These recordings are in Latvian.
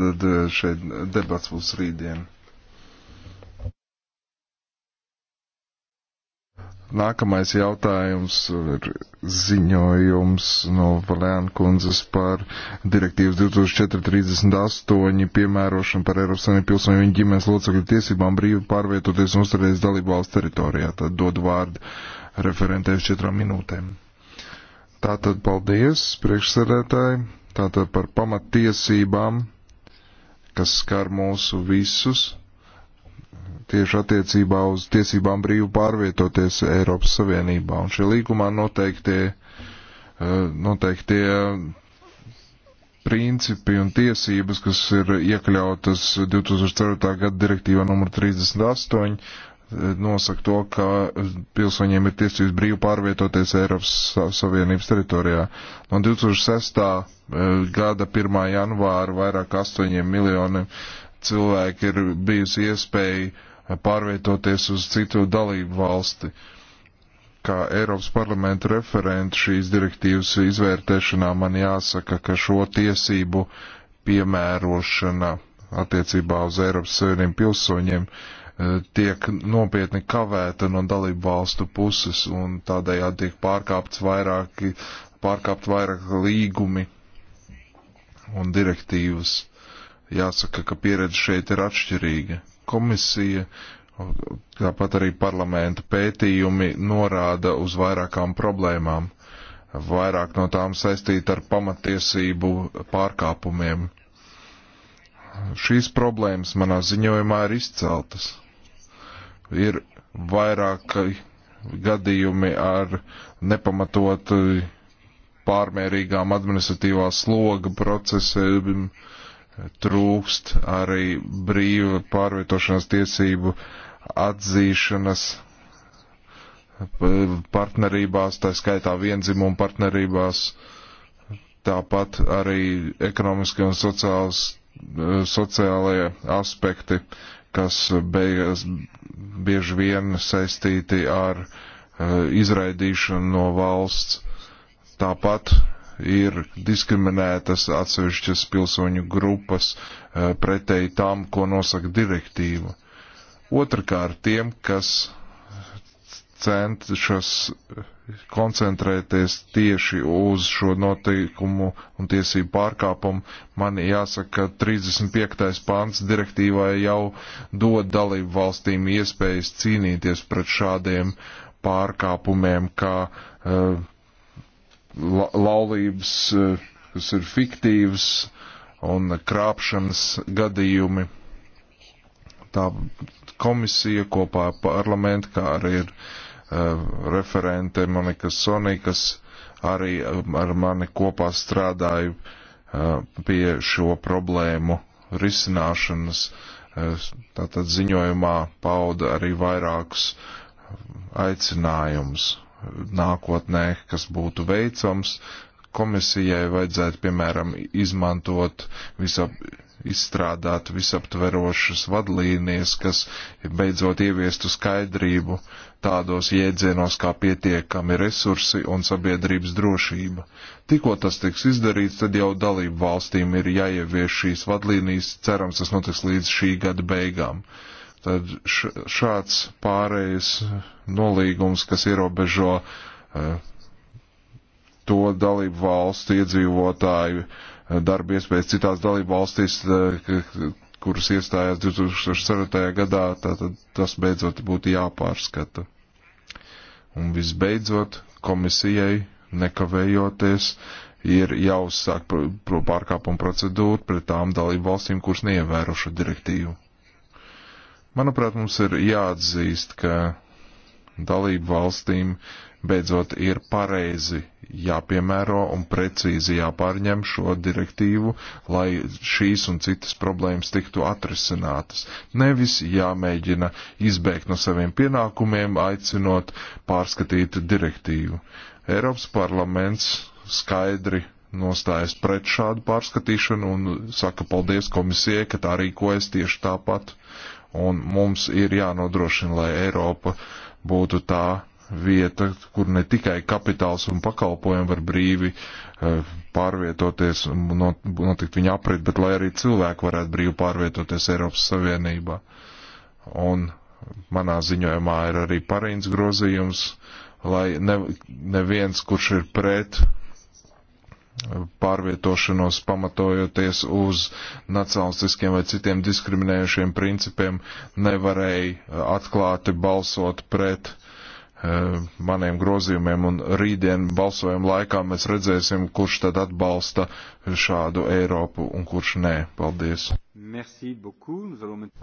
Tad eh, šeit debats būs rītdien. Nākamais jautājums ir ziņojums no Valēna kundzes par direktīvas 2438 piemērošanu par Eiropas Savienību pilsoņu viņa ģimenes locekļu tiesībām brīvi pārvietoties un uzturēties dalību valsts teritorijā. Tad dod vārdu referentēs četrām minūtēm. Tātad paldies priekšsēdētāji, tātad par pamattiesībām kas skar mūsu visus tieši attiecībā uz tiesībām brīvi pārvietoties Eiropas Savienībā. Un šie līgumā noteiktie, eh, noteiktie principi un tiesības, kas ir iekļautas 2004. gada direktīvā nr. 38 nosaka to, ka pilsoņiem ir tiesības brīvi pārvietoties Eiropas Savienības teritorijā. No 2006. Eh, gada 1. janvāra vairāk kā 8 miljoniem cilvēku ir bijusi iespēja pārvietoties uz citu dalību valsti. Kā Eiropas parlamenta referenta šīs direktīvas izvērtēšanā man jāsaka, ka šo tiesību piemērošana attiecībā uz Eiropas Savienību pilsoņiem uh, E, tiek nopietni kavēta no dalību valstu puses un tādējādi tiek pārkāpts vairāki, pārkāpt vairāk līgumi un direktīvas. Jāsaka, ka pieredze šeit ir atšķirīga. Komisija, tāpat arī parlamenta pētījumi norāda uz vairākām problēmām. Vairāk no tām saistīta ar pamatiesību pārkāpumiem. Šīs problēmas manā ziņojumā ir izceltas ir vairāk gadījumi ar nepamatot pārmērīgām administratīvā sloga procesiem, trūkst arī brīva pārvietošanās tiesību atzīšanas partnerībās, tā skaitā viendzimumu partnerībās, tāpat arī ekonomiskie un sociāls, sociālajie aspekti uh, kas beigas bieži vien saistīti ar uh, izraidīšanu no valsts. Tāpat ir diskriminētas atsevišķas pilsoņu grupas uh, pretēji tam, ko nosaka direktīva. Otrakārt, tiem, kas centušas eh, koncentrēties tieši uz šo noteikumu un tiesību pārkāpumu. Man jāsaka, ka 35. pants direktīvai jau dod dalību valstīm iespējas cīnīties pret šādiem pārkāpumiem, kā uh, la laulības, uh, kas ir fiktīvas, un krāpšanas gadījumi. Tā komisija kopā ar parlamentu, kā arī ir uh, Eh, referente Monika Sonī, kas arī eh, ar mani kopā strādāja eh, pie šo problēmu risināšanas. Tātad ziņojumā pauda arī vairākus aicinājumus nākotnē, kas būtu veicams. Komisijai vajadzētu, piemēram, izmantot visap izstrādāt visaptverošas vadlīnijas, kas beidzot ieviestu skaidrību tādos jēdzienos kā pietiekami resursi un sabiedrības drošība. Tikko tas tiks izdarīts, tad jau dalību valstīm ir jāievieš šīs vadlīnijas, cerams, tas notiks līdz šī gada beigām. Tad šāds pārējais nolīgums, kas ierobežo uh, to dalību valstu iedzīvotāju uh, darba iespējas citās dalību valstīs, eh, kuras iestājās 2004. gadā, tātad tas beidzot būtu jāpārskata. Un visbeidzot, komisijai nekavējoties ir jāuzsāk pārkāpuma procedūra pret tām dalību valstīm, kuras neievēroša direktīvu. Manuprāt, mums ir jāatzīst, ka dalību valstīm beidzot ir pareizi jāpiemēro un precīzi jāpārņem šo direktīvu, lai šīs un citas problēmas tiktu atrisinātas. Nevis jāmēģina izbēgt no saviem pienākumiem, aicinot pārskatīt direktīvu. Eiropas parlaments skaidri nostājas pret šādu pārskatīšanu un saka paldies komisijai, ka tā rīkojas tieši tāpat. Un mums ir jānodrošina, lai Eiropa uh, būtu tā vieta, kur ne tikai kapitāls un pakalpojumi var brīvi e, pārvietoties un notikt viņa aprit, bet lai arī cilvēki varētu brīvi pārvietoties Eiropas Savienībā. Un manā ziņojumā ir arī parīns grozījums, lai ne, neviens, kurš ir pret pārvietošanos pamatojoties uz nacionalistiskiem vai citiem diskriminējušiem principiem, nevarēja eh, atklāti balsot pret uh, maniem grozījumiem, un rītdien balsojuma laikā mēs redzēsim, kurš tad atbalsta šādu Eiropu un kurš nē. Paldies!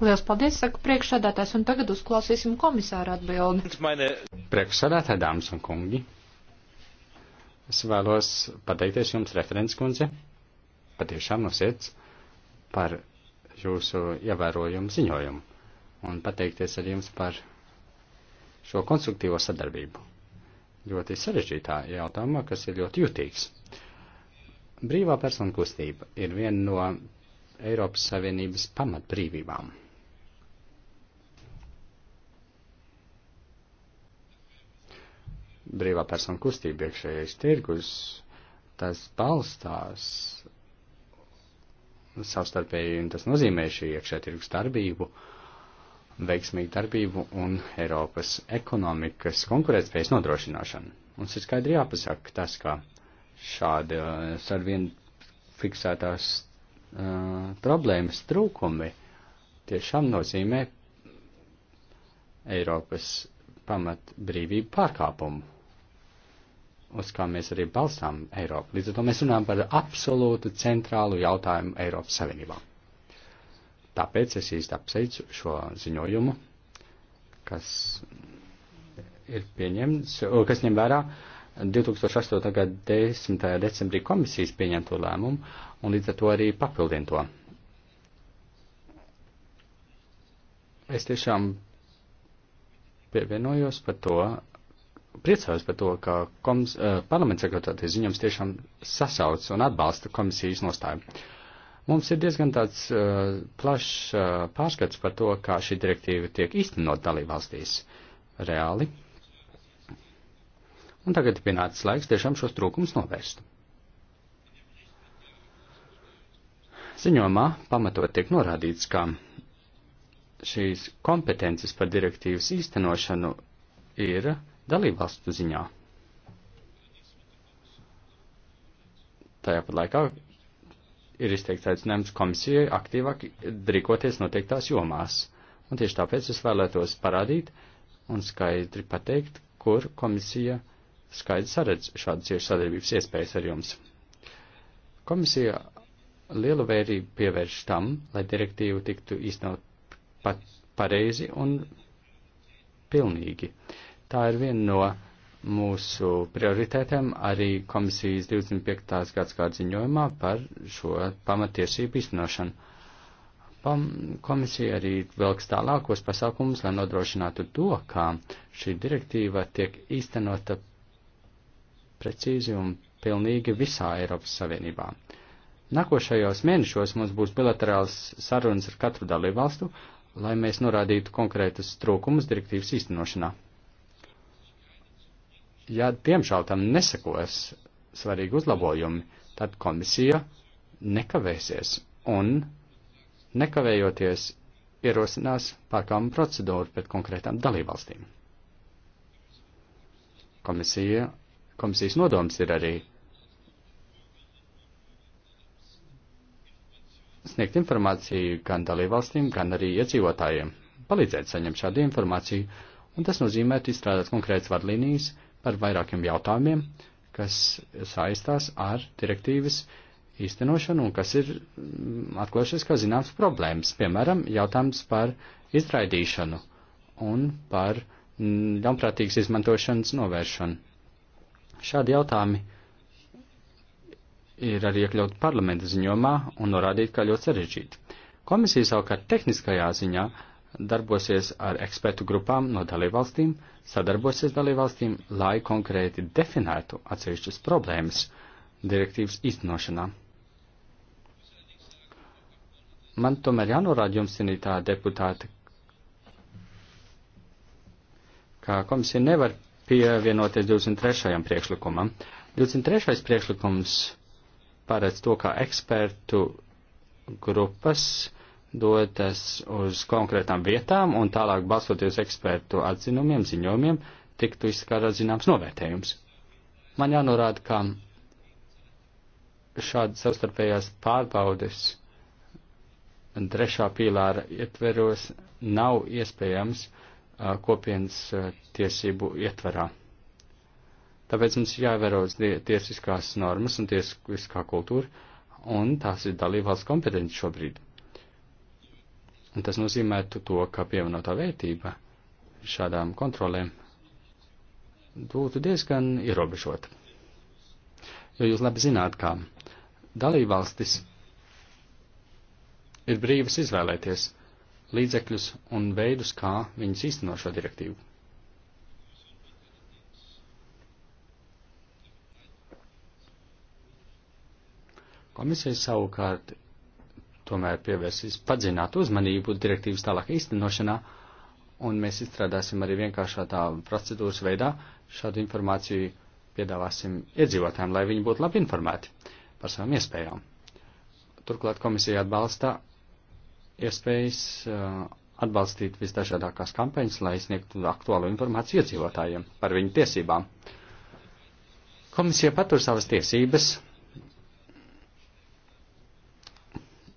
Lielas paldies, saka priekšsēdētājs, un tagad uzklausīsim komisāra atbildi. Priekšsēdētāji, dāmas un kungi! Es vēlos pateikties jums, referents kundze, patiešām no sirds par jūsu ievērojumu ziņojumu un pateikties arī jums par šo konstruktīvo sadarbību. Ļoti sarežģītā jautājumā, kas ir ļoti jutīgs. Brīvā persona kustība ir viena no Eiropas Savienības pamatbrīvībām. brīvā persona kustība iekšējais tirgus, tas balstās savstarpēji, un tas nozīmē šī iekšējā tirgus darbību, veiksmīgu darbību un Eiropas ekonomikas konkurētspējas nodrošināšanu. Mums ir skaidri jāpasaka tas, ka šāda sarvien uh, fiksētās uh, problēmas trūkumi tiešām nozīmē Eiropas pamat brīvību pārkāpumu uz kā mēs arī balstām Eiropu. Līdz ar to mēs runājam par absolūtu centrālu jautājumu Eiropas Savienībā. Tāpēc es īsti apsveicu šo ziņojumu, kas ir pieņemts, kas ņem vērā 2008. gada 10. decembrī komisijas pieņemto lēmumu un līdz ar to arī papildin to. Es tiešām pievienojos par to, priecājos par to, ka komis, uh, eh, parlaments sekretātais ziņojums tiešām sasauc un atbalsta komisijas nostāju. Mums ir diezgan tāds uh, plašs uh, pārskats par to, kā šī direktīva tiek īstenot dalībvalstīs reāli. Un tagad ir pienācis laiks tiešām šos trūkums novērst. Ziņojumā pamatot tiek norādīts, ka šīs kompetences par direktīvas īstenošanu ir uh, dalībvalstu ziņā. Tajā pat laikā ir izteikts aicinājums komisijai aktīvāk rīkoties noteiktās jomās. Un tieši tāpēc es vēlētos parādīt un skaidri pateikt, kur komisija skaidri saredz šādas cieši sadarbības iespējas ar jums. Komisija lielu vērību pievērš tam, lai direktīva tiktu īstenot pat pareizi un pilnīgi. Uh, Tā ir viena no mūsu prioritētēm arī komisijas 25. gads kā ziņojumā par šo pamatiesību iznošanu. Pam, komisija arī velks tālākos pasākumus, lai nodrošinātu to, kā šī direktīva tiek īstenota precīzi un pilnīgi visā Eiropas Savienībā. Nākošajos mēnešos mums būs bilaterāls sarunas ar katru dalībvalstu, lai mēs norādītu konkrētus trūkumus direktīvas īstenošanā ja tiemžēl tam nesakos svarīgi uzlabojumi, tad komisija nekavēsies un nekavējoties ierosinās pārkāpumu procedūru pret konkrētām dalībvalstīm. Komisija, komisijas nodoms ir arī sniegt informāciju gan dalībvalstīm, gan arī iedzīvotājiem, palīdzēt saņemt šādu informāciju, un tas nozīmē izstrādāt konkrētas vadlīnijas, par vairākiem jautājumiem, kas saistās ar direktīvas īstenošanu un kas ir mm, atklājušies kā zināms problēmas. Piemēram, jautājums par izraidīšanu un par mm, ļaunprātīgas izmantošanas novēršanu. Šādi jautājumi ir arī iekļauti parlamenta ziņomā un norādīti kā ļoti sarežģīti. Komisija savukārt tehniskajā ziņā uh, darbosies ar ekspertu grupām no dalībvalstīm, sadarbosies dalībvalstīm, lai konkrēti definētu atsevišķas problēmas direktīvas īstenošanā. Man tomēr jānorāda jums, cienītā deputāte, ka komisija nevar pievienoties 23. priekšlikumam. 23. priekšlikums paredz to, ka ekspertu grupas dotas uz konkrētām vietām un tālāk balstoties ekspertu atzinumiem, ziņojumiem, tiktu izskatās zināms novērtējums. Man jānorāda, ka šādas savstarpējās pārbaudes trešā pīlāra ietveros nav iespējams uh, kopienas uh, tiesību ietverā. Tāpēc mums jāievēro tiesiskās normas un tiesiskā kultūra, un tās ir dalībvalsts kompetence šobrīd. Un tas nozīmētu to, ka pievienotā vērtība šādām kontrolēm būtu diezgan ierobežota. Jo jūs labi zināt, kā dalībvalstis ir brīvas izvēlēties līdzekļus un veidus, kā viņas īsteno šo direktīvu. Komisija savukārt tomēr pievērsīs padzināt uzmanību direktīvas tālāk īstenošanā, un mēs izstrādāsim arī vienkāršā tā procedūras veidā šādu informāciju piedāvāsim iedzīvotājiem, lai viņi būtu labi informēti par savām iespējām. Turklāt komisija atbalsta iespējas uh, atbalstīt visdažādākās kampaņas, lai sniegtu aktuālu informāciju iedzīvotājiem par viņu tiesībām. Komisija patur savas tiesības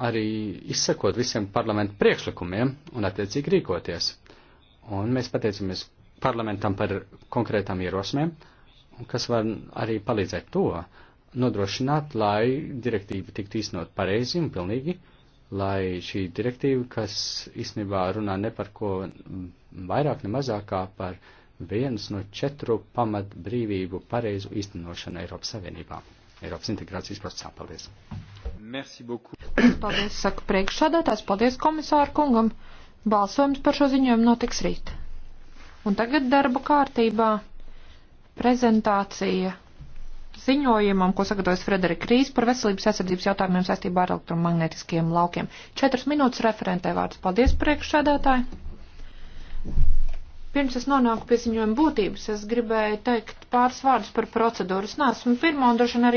arī izsekot visiem parlamentu priekšlikumiem un attiecīgi rīkoties. Un mēs pateicamies parlamentam par konkrētām ierosmēm, kas var arī palīdzēt to nodrošināt, lai direktīva tiktu īstenot pareizi un pilnīgi, lai šī direktīva, kas īstenībā runā ne par ko vairāk ne mazāk kā par viens no četru pamat brīvību pareizu īstenošanu Eiropas Savienībā, Eiropas integrācijas procesā. Paldies! Merci beaucoup. Paldies, saka priekšsādātājs. Paldies komisāru kungam. Balsojums par šo ziņojumu notiks rīt. Un tagad darba kārtībā prezentācija ziņojumam, ko sagatavojas Frederika Rīs par veselības aizsardzības jautājumiem saistībā ar elektromagnetiskiem laukiem. Četras minūtes referentē vārds. Paldies, priekšsēdētāji. Pirms es nonāku pie ziņojuma būtības, es gribēju teikt pāris vārdus par procedūras. Nē, esmu pirmo un droši vien arī.